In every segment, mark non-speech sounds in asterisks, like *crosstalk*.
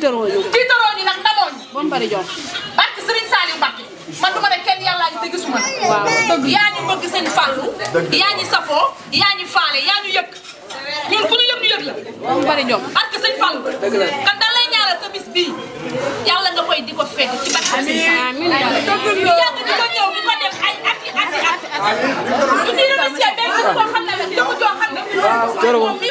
tiitaroo yow. tiitaroo ñu nag ndamoo ñu. ba mu bari kenn yàllaa ñu te waaw dëgg yaa ñu bëgg safoo yaa faale yaa ñu ñun ku ñu yëg ñu bari jox barke sëñ Fallou. dëgg la bii yàlla nga koy di fekk ci barke Serigne Saliou. amiin amiin dëgg la ko ñëw di ko def ay i at i at. amiin dëgg la ñu ngi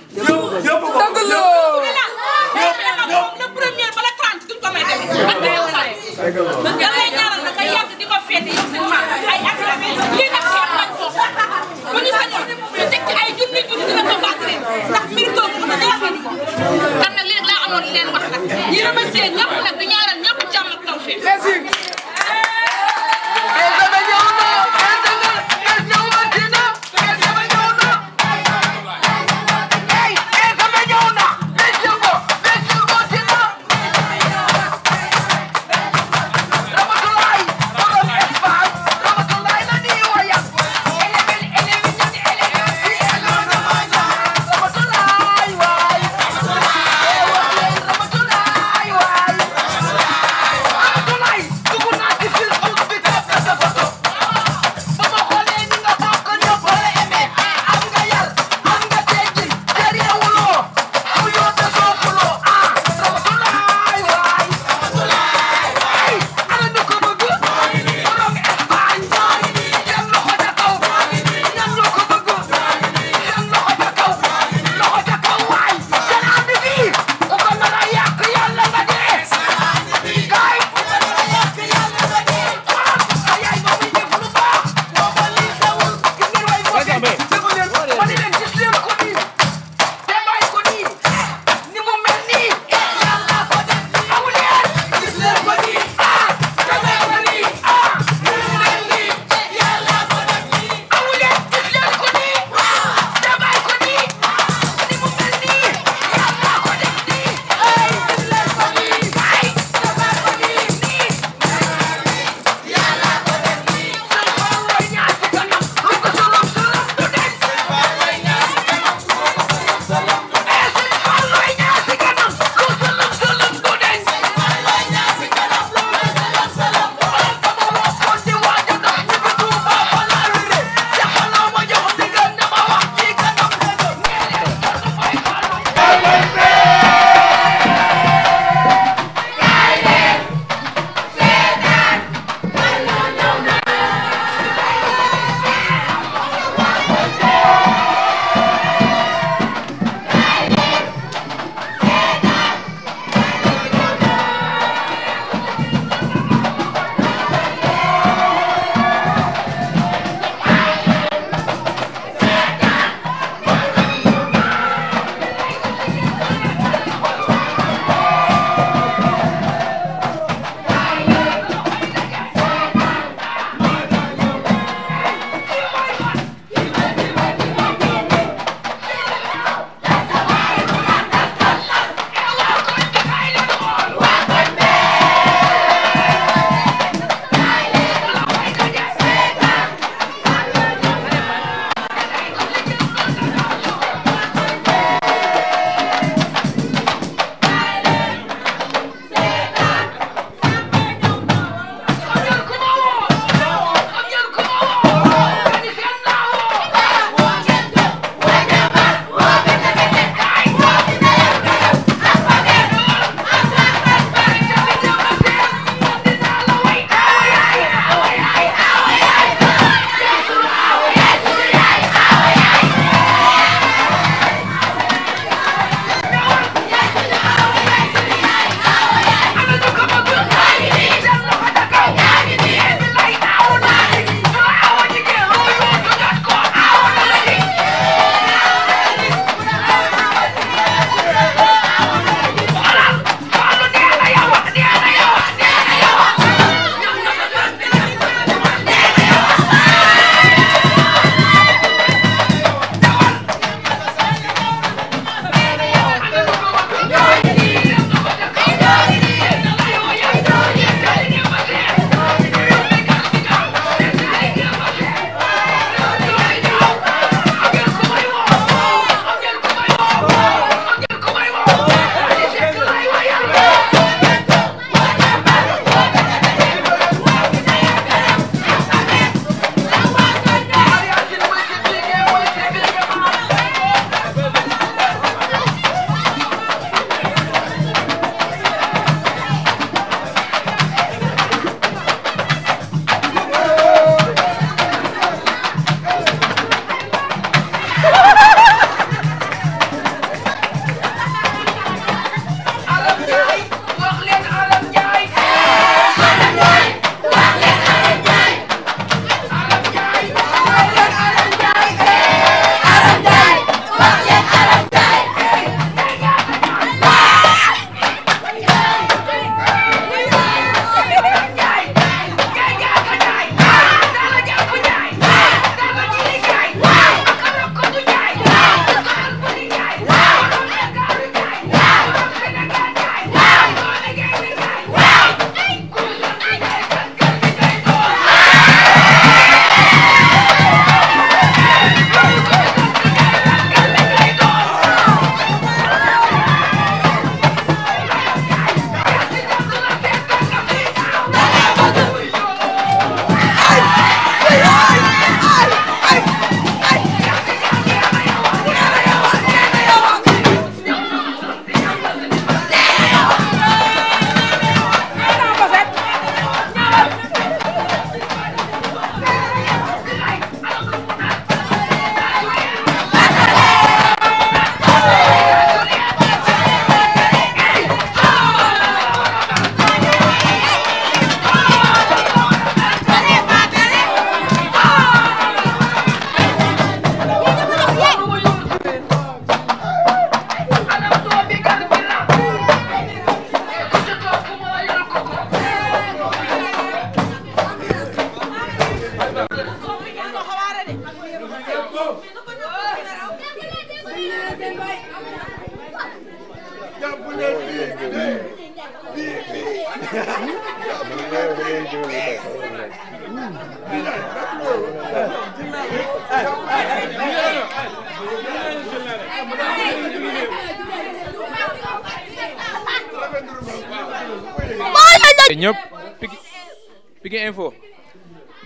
kon nag lii rek laa amoon leen wax nag ñi remercier ñëpp nag di ñaanal ñëpp jàmm ak tawfeex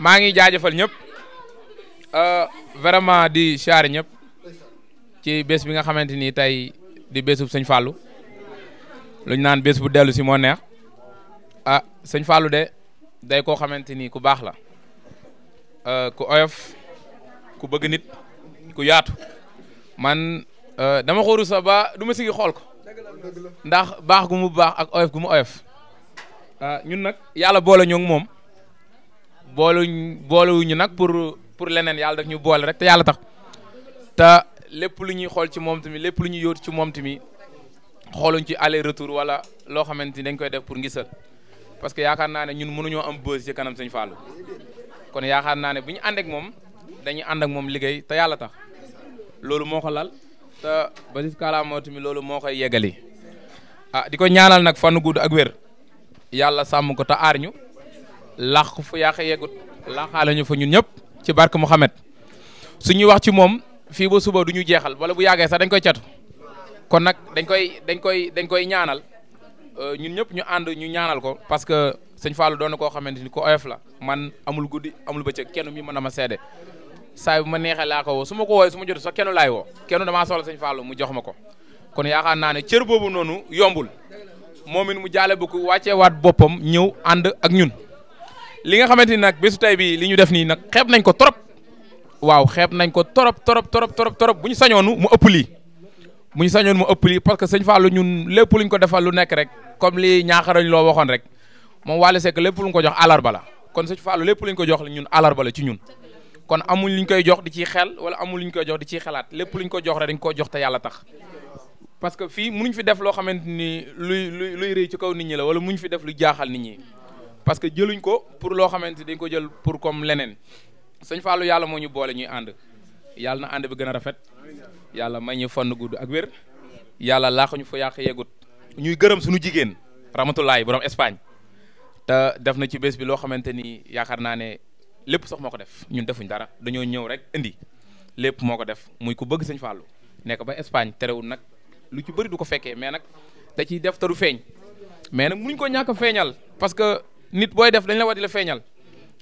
maa ngi jaajëfal ñëpp euh, vraiment di siyaare ñëpp ci bés bi nga xamante ni tey di bésub sëñ Fallou lu ñu naan bés bu dellu si moo neex ah sëñ Fallou de day koo xamante ni ku baax la euh, ku oyof ku bëgg nit ku yaatu man euh, dama xóoru sa ba du ma xool ko ndax baax gu mu baax ak oyof gu mu oyof ah, ñun nag yàlla boole ñoo moom. booluñ boolewuñu nag pour pour leneen yàlla daf ñu boole rek te yàlla tax ta lépp lu ñuy xool ci moom tamit lépp lu ñuy yóotu ci moom tamit xooluñ ci aller retour wala loo xamante ni dañ koy def pour ngisal parce que yaakaar naa ne ñun mënuñoo am bës ci kanam sëñ Fallou kon yaakaar naa ne bu ñu ànd moom dañuy ànd ak moom liggéey te yàlla tax loolu moo ko lal te ba si kàllaama tamit loolu moo koy yegali ah di ko ñaanal nag fan gudd ak wér yàlla sàmm ko te aar ñu làq fu yàq yegut làqaale ñu fa ñun ñëpp ci barke su ñu wax ci moom fii ba suba du ñu jeexal wala bu yàggee sax dañ koy catu kon nag dañ koy dañ koy dañ koy ñaanal euh, ñun ñëpp ñu ànd ñu ñaanal ko parce que sëñ Fallou doon na koo xamante ni ko oyof la man amul guddi amul ba bëccëg kenn mi mën a ma seede saa bu ma neexee laa ko woo su ma ko woowee su ma jot sax kenn laay woo kenn damaa soxla sëñ Fallou mu jox ma ko kon yaakaar naa ne cër boobu noonu yombul moom it mu jaale bu ko wàccee waat boppam ñëw ànd ak ñun. li nga xamante ni nag bésu tey bi li ñu def nii nag xeeb nañ ko trop waaw xeeb nañ ko trop trop trop trop trop bu ñu sañoonu mu ëpp lii bu sañoon mu ëpp lii parce que sëñ Fallou ñun lépp luñ ko defal lu nekk rek comme li ñaaxarañ loo waxoon rek moom Wally Seck lépp luñ ko jox àllarba la kon sëñ Fallou lépp luñ ko jox ñun àllarba la ci ñun kon amul luñ koy jox di ciy xel wala amul luñ koy jox di ciy xalaat lépp luñ ko jox rek dañ ko jox te yàlla tax parce que fii munuñ fi def loo xamante ni luy luy luy rëy ci kaw nit ñi la wala munuñ fi def lu jaaxal nit ñi parce que jëluñ ko pour loo xamante dañ ko jël pour comme leneen sëñ Fallou yàlla moo ñu boole ñuy ànd yàlla na ànd bi gën a rafet yàlla may ñu fann gudd ak wér yàlla laaxuñu fa yàq yegut ñuy gërëm suñu jigéen Ramatulaay borom Espagne te def na ci bés bi loo xamante ni yaakaar naa ne lépp sax moo ko def ñun defuñ dara dañoo ñëw rek indi lépp moo ko def muy ku bëgg sëñ Fallou nekk ba Espagne terewul nag lu ci bëri du ko fekkee mais nag da ciy def te feeñ mais nag ko ñàkk feeñal parce que nit booy def dañ la war di la feeñal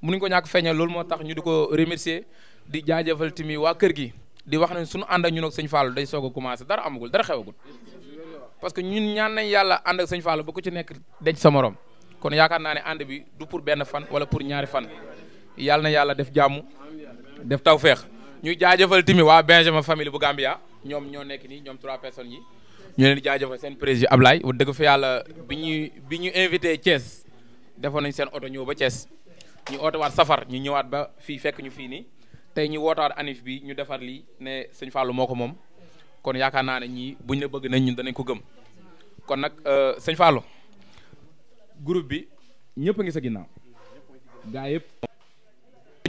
mënuñ ko ñàkk feeñal loolu moo tax ñu di ko remercier di jaajëfal tamit waa kër gi di wax nañ suñu ànd ak ñun ak sëñ Fallou day soog a commencé dara amagul dara xewagul parce que ñun ñaan nañ yàlla ànd ak sëñ Fallou ba ko ci nekk denc sa morom kon yaakaar naa ne ànd bi du pour benn fan wala pour ñaari fan yàlla na yàlla def jàmm def taw feex ñuy jaajëfal tamit waa Benjamin famille bu Gambia ñoom ñoo nekk nii ñoom trois personnes yi ñu leen seen président Ablaye wax dëgg fa yàlla bi ñuy bi ñu invité Thiès. defoon nañ seen oto ñëw ba Thiès ñu ootewaat safar ñu ñëwaat ba fii fekk ñu fii nii tey ñu wootawaat anif bi ñu defar lii ne sëñ Fallou moo ko moom kon yaakaar naa ne ñi buñ na bëgg nañ ñun danañ ko gëm kon nag euh, sëñ Fallou groupe bi ñëpp a ngi sa ginnaaw gaa yëpp.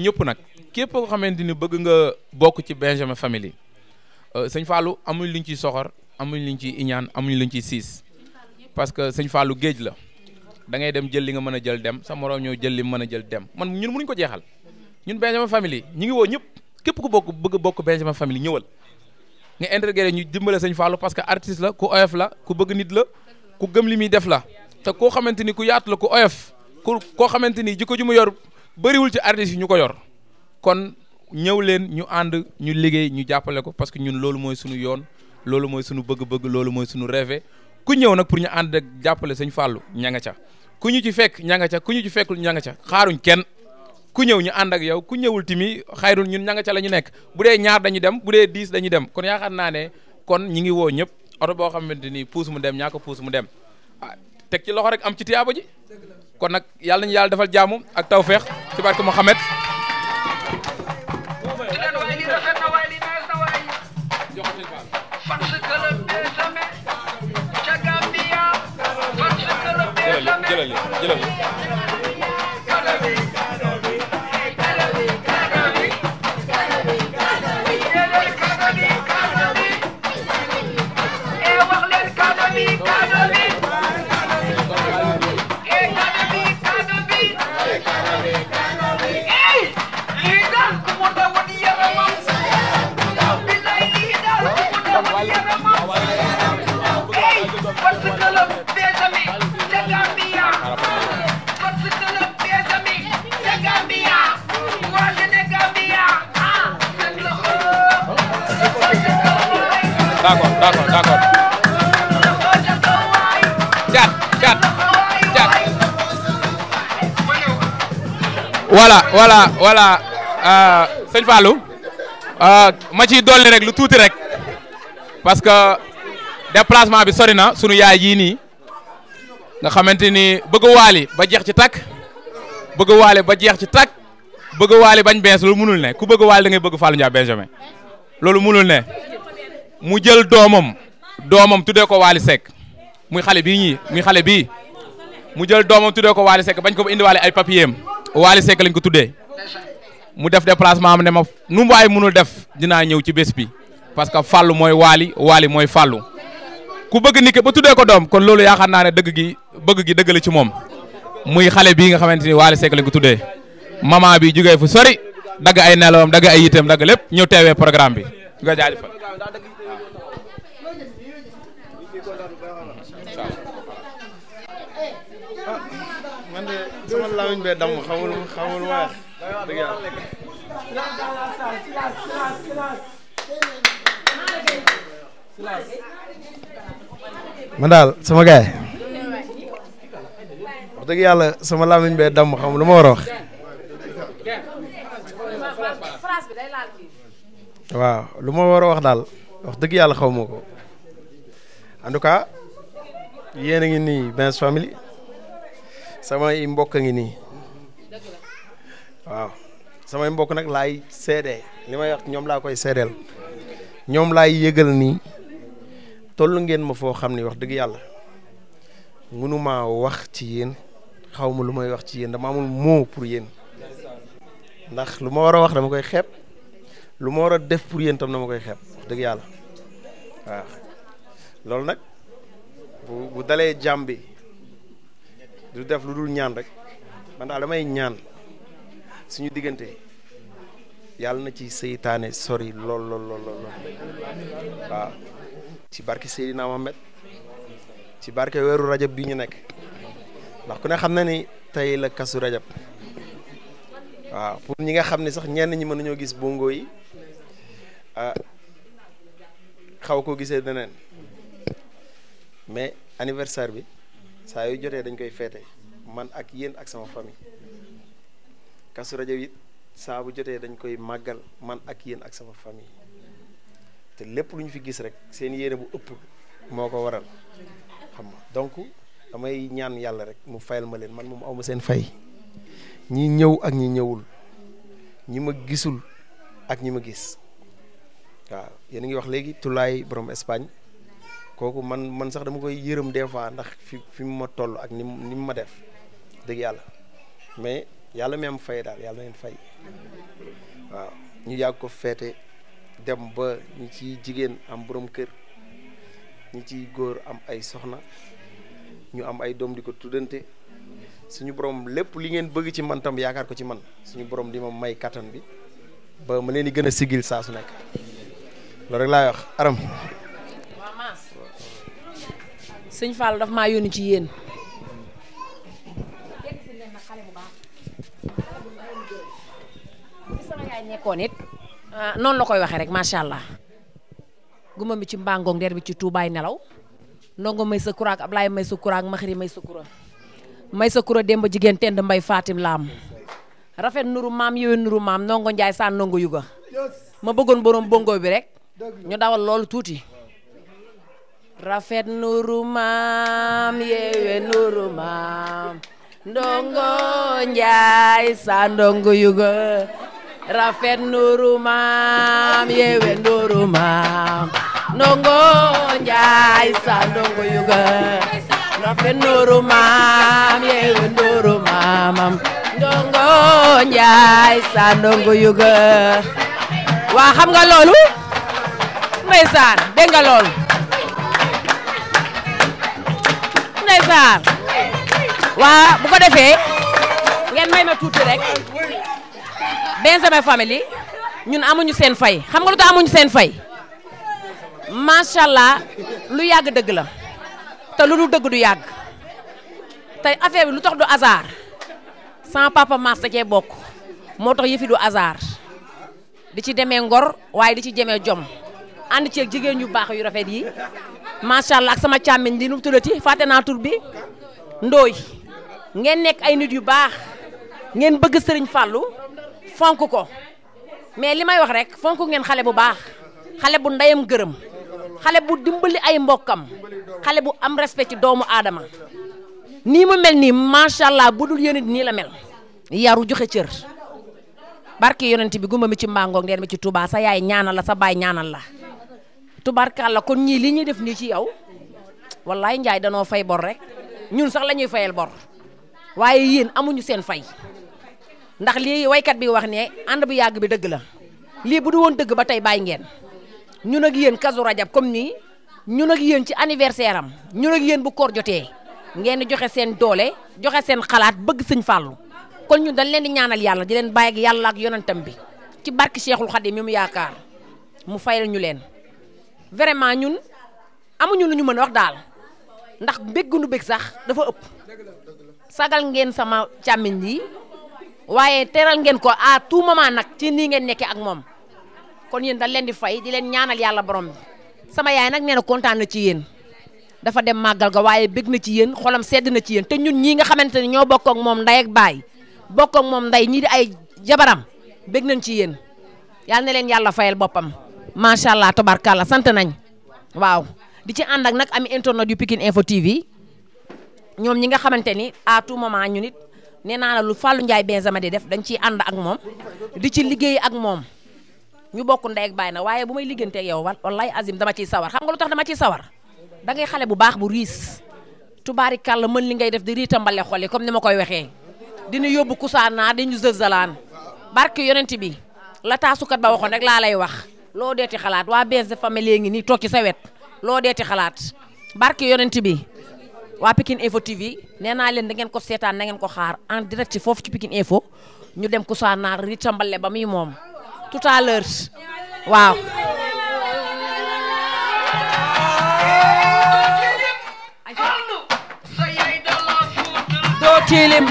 ñëpp nag képp koo xamante ni bëgg nga bokk ci Benjamin Family euh, sëñ Fallou amuñ luñ ciy soxor amuñ luñ ci iñaan amuñ luñ ci siis parce que sëñ Fallou géej la. dangay dem jël li nga mën a jël dem sa morom ñëw jël li mën a jël dem man ñun mënuñ ko jeexal ñun Benjamin famille ñi ngi woo ñëpp képp ku bokk bëgg bokk Benjamin famille ñëwal nga intégré ñu dimbale sëñ Fallou parce que artiste la ku oyof la ku bëgg nit la ku gëm li muy def la te koo xamante ni ku yaatu la ku oyof ku koo xamante ni jikko ju mu yor bëriwul ci artistes yi ñu ko yor kon ñëw leen ñu ànd ñu liggéey ñu jàppale ko parce que ñun loolu mooy suñu yoon loolu mooy suñu bëgg-bëgg loolu mooy suñu rêve ku ñëw nag pour ñu ànd ak jàppale sëñ Fallou ña nga ca ku ñu ci fekk ña nga ca ku ñu ci fekkul ña nga ca xaaruñ kenn ku ñëw ñu ànd ak yow ku ñëwul timi xayrul ñun ña nga ca la ñu nekk bu dee ñaar dañu dem bu dee dix dañu dem kon yaakaar naa ne kon ñi ngi woo ñëpp oto boo xamante ni puus mu dem ñaa ko puus mu dem ah, teg ci loxo rek am ci tiyaaba ji kon nag yàlla nañu yàlla defal jaamu ak taw feex ci barke Muhammad चलो What's the color? There's a me. d'accord d'accord d'accord cat cat cat voilà voilà voilà euh, sëñ euh, rek lu tuuti rek parce que déplacement bi sori na sunu yaay nii nga xamante ni bëgg waali ba jeex ci takk bëgg waali ba jeex ci takk bëgg waali bañ bees loolu mënul ne ku bëgg waali da ngay bëgg falu Ndiaye Benjamin loolu mënul mu jël doomam doomam tuddee ko Waly Seck muy xale bii ñii muy xale bi mu jël doomam tuddee ko Waly Seck bañ ko ba indiwaale ay papier am Waly Seck lañ ko tuddee mu def déplacement am ne ma nu mu waay mënul def dinaa ñëw ci bés bi parce que fàllu mooy Waly Waly mooy fallu ku bëgg nit ki ba tuddee ko doom kon loolu yaakaar naa ne dëgg gi bëgg gi dëgg la ci moom muy xale bii nga xamante ni Waly Seck lañ ko tuddee maman bi jugee fu sori dagg ay nelawam dagg ay yiteem dagg lépp ñëw teewee programme bi nga jaajëfal lamiñ bee damm xamul xamul wax dëgg yàlla man daal sama gaay wax dëgg yàlla sama lamiñ bee damm xamul lu ma war a wax waaw lu ma wax daal wax dëgg yàlla xaw en tout cas yéen ngi nii Benz Family sama mbokk ngi ni waaw sama mbokk nak lay seede limay wax ñom la koy seedeel ñom lay yegal ni tollu ngeen ma fo xamni wax deug yalla munuma wax ci yeen xawmu ma lu may wax ci yeen dama amul mo pour yeen ndax lu ma wax dama koy xeeb lu ma def pour yeen tam dama koy xeeb deug yalla waaw loolu nak bu bu dalee lu def lu dul ñaan rek man damay ñaan suñu diggante yàlla na ci seytaane sori lool lool lool lool waaw ci barke Seydina Mohamed ci barke weeru rajab bi ñu nekk ndax ku ne xam na ni tey la kasu rajab waaw pour ñi nga xam ne sax ñenn ñi mën nañoo gis bongo yi ah, xaw koo gisee deneen mais anniversaire bi saa yu jotee dañ koy feete man ak yéen ak sama famille kasu rajo yi saa bu jotee dañ koy màggal man ak yéen ak sama famille te lépp lu ñu fi gis rek seen yéene bu ëpp moo ko waral xam nga donc damay ñaan yàlla rek mu fayal ma leen man moom awma seen fay ñi ñëw ak ñi ñëwul ñi ma gisul ak ñi ma gis waaw yéen a ngi wax léegi Tulaay borom Espagne kooku man man sax dama koy yërëm des fois ndax fi fi mu ma toll ak ni mu ni mu ma def dëgg yàlla mais yàlla mi am fay daal yàlla na fay waaw ñu yàgg ko feete dem ba ñi ci jigéen am boroom kër ñi ciy góor am ay soxna ñu am ay doom di ko tuddante suñu borom lépp li ngeen bëgg ci man tam yaakaar ko ci man suñu borom di ma may kattan bi ba ma leen di gën a sigil saa su nekk loolu rek laay wax aram sëñ Fall daf maa yónni ci yéen. nekkoon ah, noonu la koy waxee rek macha allah. guma mi ci mbàngoog ndeer bi ci tuubaay nelaw ndongo may sa kura ak may sa ma ak Maxari may sa kura may sa kura démb jigéen tend mbay Fatim laam rafet nuru maam yowee nuru maam ndongo Njaay saa ndongo yuga ma bëggoon borom bongo bi rek ñu dawal loolu tuuti rafet nuru maam yeewe nuru maam ndongo njaay sa ndongo yuga rafet nuru maam yeewe nuru maam ndongo njaay sa ndongo yuga waa xam nga loolu ndeysaan dégg nga loolu Sarr waa bu ko defee ngeen may ma tuuti rek Benjamin Family ñun amuñu seen fay xam nga lu tax amuñu seen fay macha allah lu yàgg dëgg la te lu dul dëgg du yàgg te affaire bi lu tax du hasard sans papa mas da cee bokk moo tax yëfi du hasard di ci demee ngor waaye di ci jëmee jom ànd ceeg jigéen ñu baax yu rafet yi macha allah ak sama càmmiñ di nu mu tuddati fàtte naa tur bi ndooy ngeen nekk ay nit yu baax ngeen bëgg sëriñ Fallou fonk ko mais li may wax rek fonk ngeen xale bu baax xale bu ndeyam gërëm xale bu dimbali ay mbokkam xale bu am respect ci doomu aadama nii mu mel nii macha allah bu dul yéen nii la mel yaru joxe cër barke yonent bi gumba mi ci mbangoog ndeen mi ci tubaa sa yaay ñaanal la sa baay ñaanal la. la kon ñii lii ñuy def nii ci yow wallaay njaay danoo fay bor rek ñun sax lañuy ñuy bor waaye yéen amuñu seen fay ndax lii waykat bi wax ne ànd bu yàgg bi dëgg la lii bu du woon dëgg ba tey bàyyi ngeen ñun ak yéen kazu rajab comme nii ñun ak yéen ci anniversaire am ñun ak yéen bu koor jotee ngeen di joxe seen doole joxe seen xalaat bëgg sëñ fàllu kon ñun dañ leen di ñaanal yàlla di leen bàyyi ak yàlla ak yonantam bi ci barke Cheikhul Khadim mi yaakaar mu fayal ñu leen vraiment ñun amuñu lu ñu mën a wax daal ndax béggunu bég sax dafa ëpp sagal ngeen sama càmmiñ yi waaye teral ngeen ko à tout moment nag ci nii ngeen nekkee ak moom kon yéen dañ leen di fay di leen ñaanal yàlla borom bi sama yaay nag nee na kontaan na ci yéen dafa dem màggal ga waaye bég na ci yéen xolam sedd na ci yéen te ñun ñii nga xamante ne ñoo bokk ak moom nday ak baay bokk ak moom nday ñii di ay jabaram bég nañ ci yéen yàlla na leen yàlla fayal boppam. macha allah tabarkalla sant nañ waaw di ci ànd ak nag am internet yu Pikine Info TV ñoom ñi nga xamante ni à tout moment ñu nit nee naa la lu Fallou Ndiaye Benzema di def dañ ciy ànd ak moom di ci liggéey ak moom ñu bokku ndey ak baay na waaye bu may liggéeyante ak yow wallaay Azim dama ciy sawar xam nga lu tax dama ciy sawar da ngay bu baax bu riis tubaari kàlla mën li ngay def di riitambale xol yi comme ni ma koy waxee dina yóbbu naa di ñu zëzalaan barke yonent bi la taasukat ba waxoon rek laa lay wax. loo deeti xalaat waa BSD famille léegi nii toog ci sa wet loo deeti xalaat barke yonent bi waa Pikine Info TV nee naa leen da ngeen ko seetaan na ngeen ko xaar en direct ci foofu ci Pikine Info ñu dem ko saa naar ri tambale ba muy moom tout à waaw doo tilim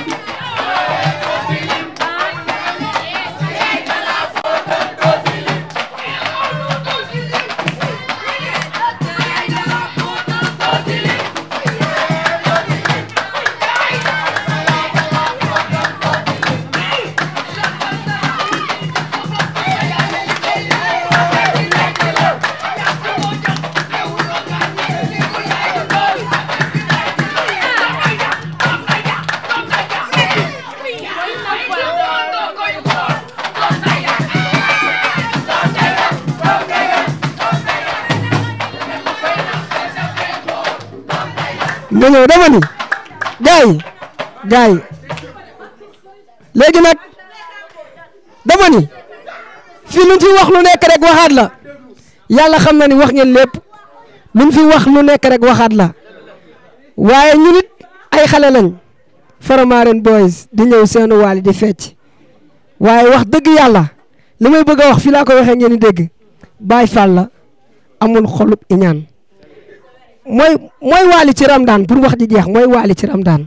gars léegi nag dama ni lu luñ wax lu nekk rek waxaat la yàlla xam na ni wax ngeen lépp lu fi wax lu nekk rek waxaat la waaye ñu ay xale lañ Faramaren boys di ñëw seenu waali di fecc waaye wax dëgg yàlla lu may bëgg a wax fii laa ko waxee ngeen di dégg Baay Faal amul xolub iñaan mooy mooy waali ci Ramadan pour wax di jeex mooy waali ci Ramadan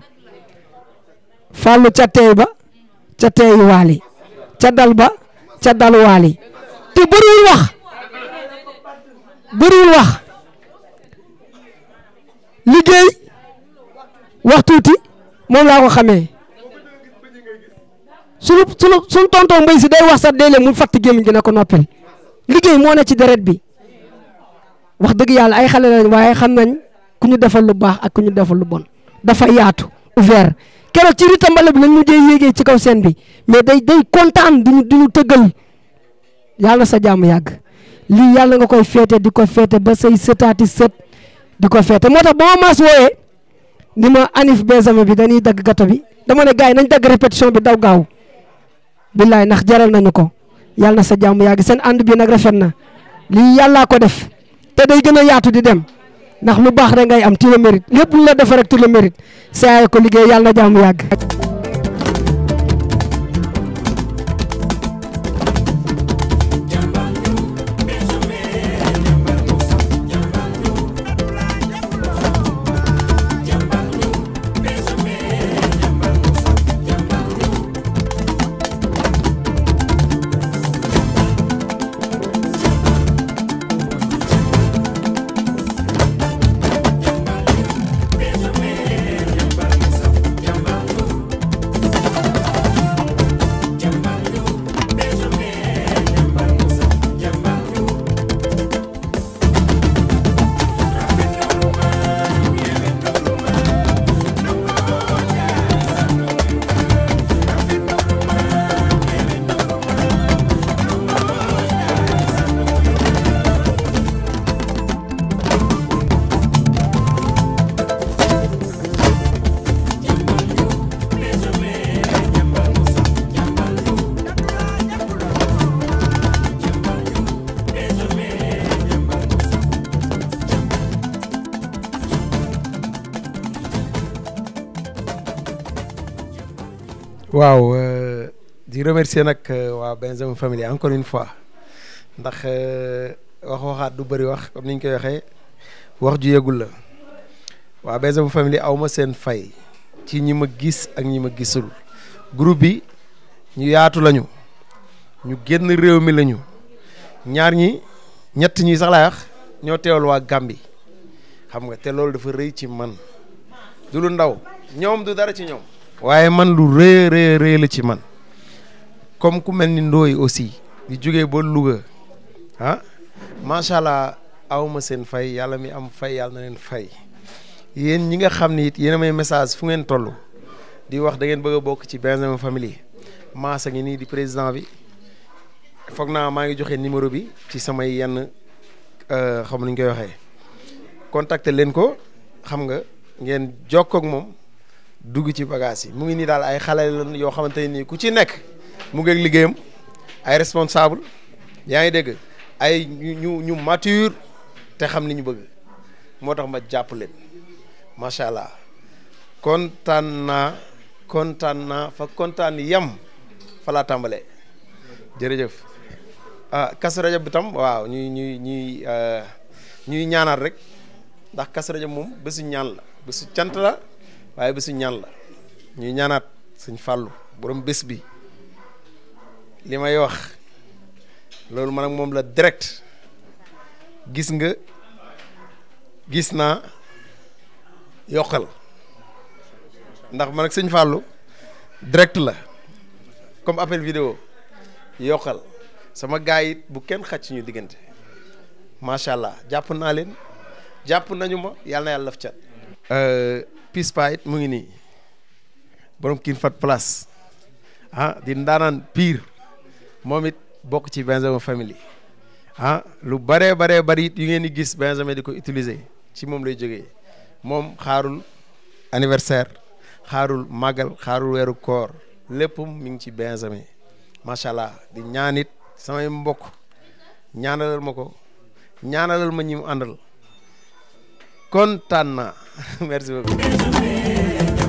fàllu ca teey ba ca teey waali ca dal ba ca dal waali te bëriwul wax bëriwul wax liggéey wax tuuti moom laa ko xamee sunu sunu sunu tonton mbay si day wax sax déele mu fatt gémmiñ gi na ko noppal liggéey moo na ci deret bi wax dëgg yàlla ay xale lañ waaye xam nañ ku ñu defal lu baax ak ku ñu defal lu bon dafa yaatu ouvert keroog ci ruta mbala bi lañ mujjee yéegee ci kaw seen bi mais day day kontaan duñu duñu tëggal yàlla sa jàmm yàgg lii yàlla nga koy feete di ko feete ba say sëtaati sët di ko feete moo tax ba ma maas wooyee ni ma anif besame bi dañuy dagg gato bi dama ne gars nañ dagg répétition bi daw gaaw billaay nax jaral nañu ko yàlla na sa jàmm yàgg seen ànd bi nag rafet na lii yàllaa ko def te day gën a yaatu di dem ndax lu baax rek ngay am tu le mérite lépp lu la defar rek tu le mérite saa ko liggéey yàlla na jàmm yàgg. waaw euh, di remercier nag euh, waa Benjamin Family encore une fois ndax euh, wax waxaat du bëri wax comme ni koy waxee wax ju yegul la waa Benjamin Family aw ma seen fay ci ñi ma gis ak ñi ma gisul groupe bi ñu yaatu lañu ñu génn réew mi lañu ñaar ñi ñett ñi sax ñoo teewal waa Gàmbi xam nga te loolu dafa rëy ci man du lu ndaw ñoom du dara ci ñoom. waaye man lu rëy rëy rëy la ci man comme ku mel ni ndooy aussi di jógee ba Louga ah macha allah awma seen fay yàlla mi am fay yàlla na leen fay yéen ñi nga xam ni it yéen a may message fu ngeen tollu di wax da ngeen bëgg a bokk ci Benjamin Family maasa ngi nii di président bi foog naa maa ngi joxe numéro bi ci samay yenn euh, xam nuñ koy waxee contacter leen ko xam nga ngeen jokkoo moom. dugg ci bagage yi mu ngi nii daal ay xale yoo xamante ne nii ku ci nekk mu ngi liggéeyam ay responsable yaa ngi dégg ay ñu ñu mature te xam li ñu bëgg moo tax ma jàpp leen macha allah kontaan naa kontaan naa fa kontaan yam fa laa tàmbalee jërëjëf ah Kazu Rajab bi tam waaw ñuy ñuy ñuy ah, ñuy ñaanal rek ndax Kazu Rajab moom bésu ñaan la bésu cant la. waaye bésu ñaan la ñuy ñaanaat suñ fàllu borom bés bi li may wax loolu man ak moom la direct gis nga gis naa yokkal ndax ma ak sëñ fàllu direct la comme appel vidéo yokkal sama gars yit bu kenn xaj suñu diggante macha allah jàpp naa leen jàpp nañu ma yàlla na yàlla laf cat euh, PISPA it mu ngi nii borom kiin fat place ah di ndaanaan pire moom it bokk ci Benjamin family ah lu baree baree bari it yi ngeen di gis Benjamin di ko utiliser ci moom lay jógee moom xaarul anniversaire xaarul màggal xaarul weeru koor lépp mi ngi ci Benjamin macha allah di ñaanit samay mbokk ñaanalal ma ko ñaanalal ma ñi mu kontaan naa *laughs* merci beaucoup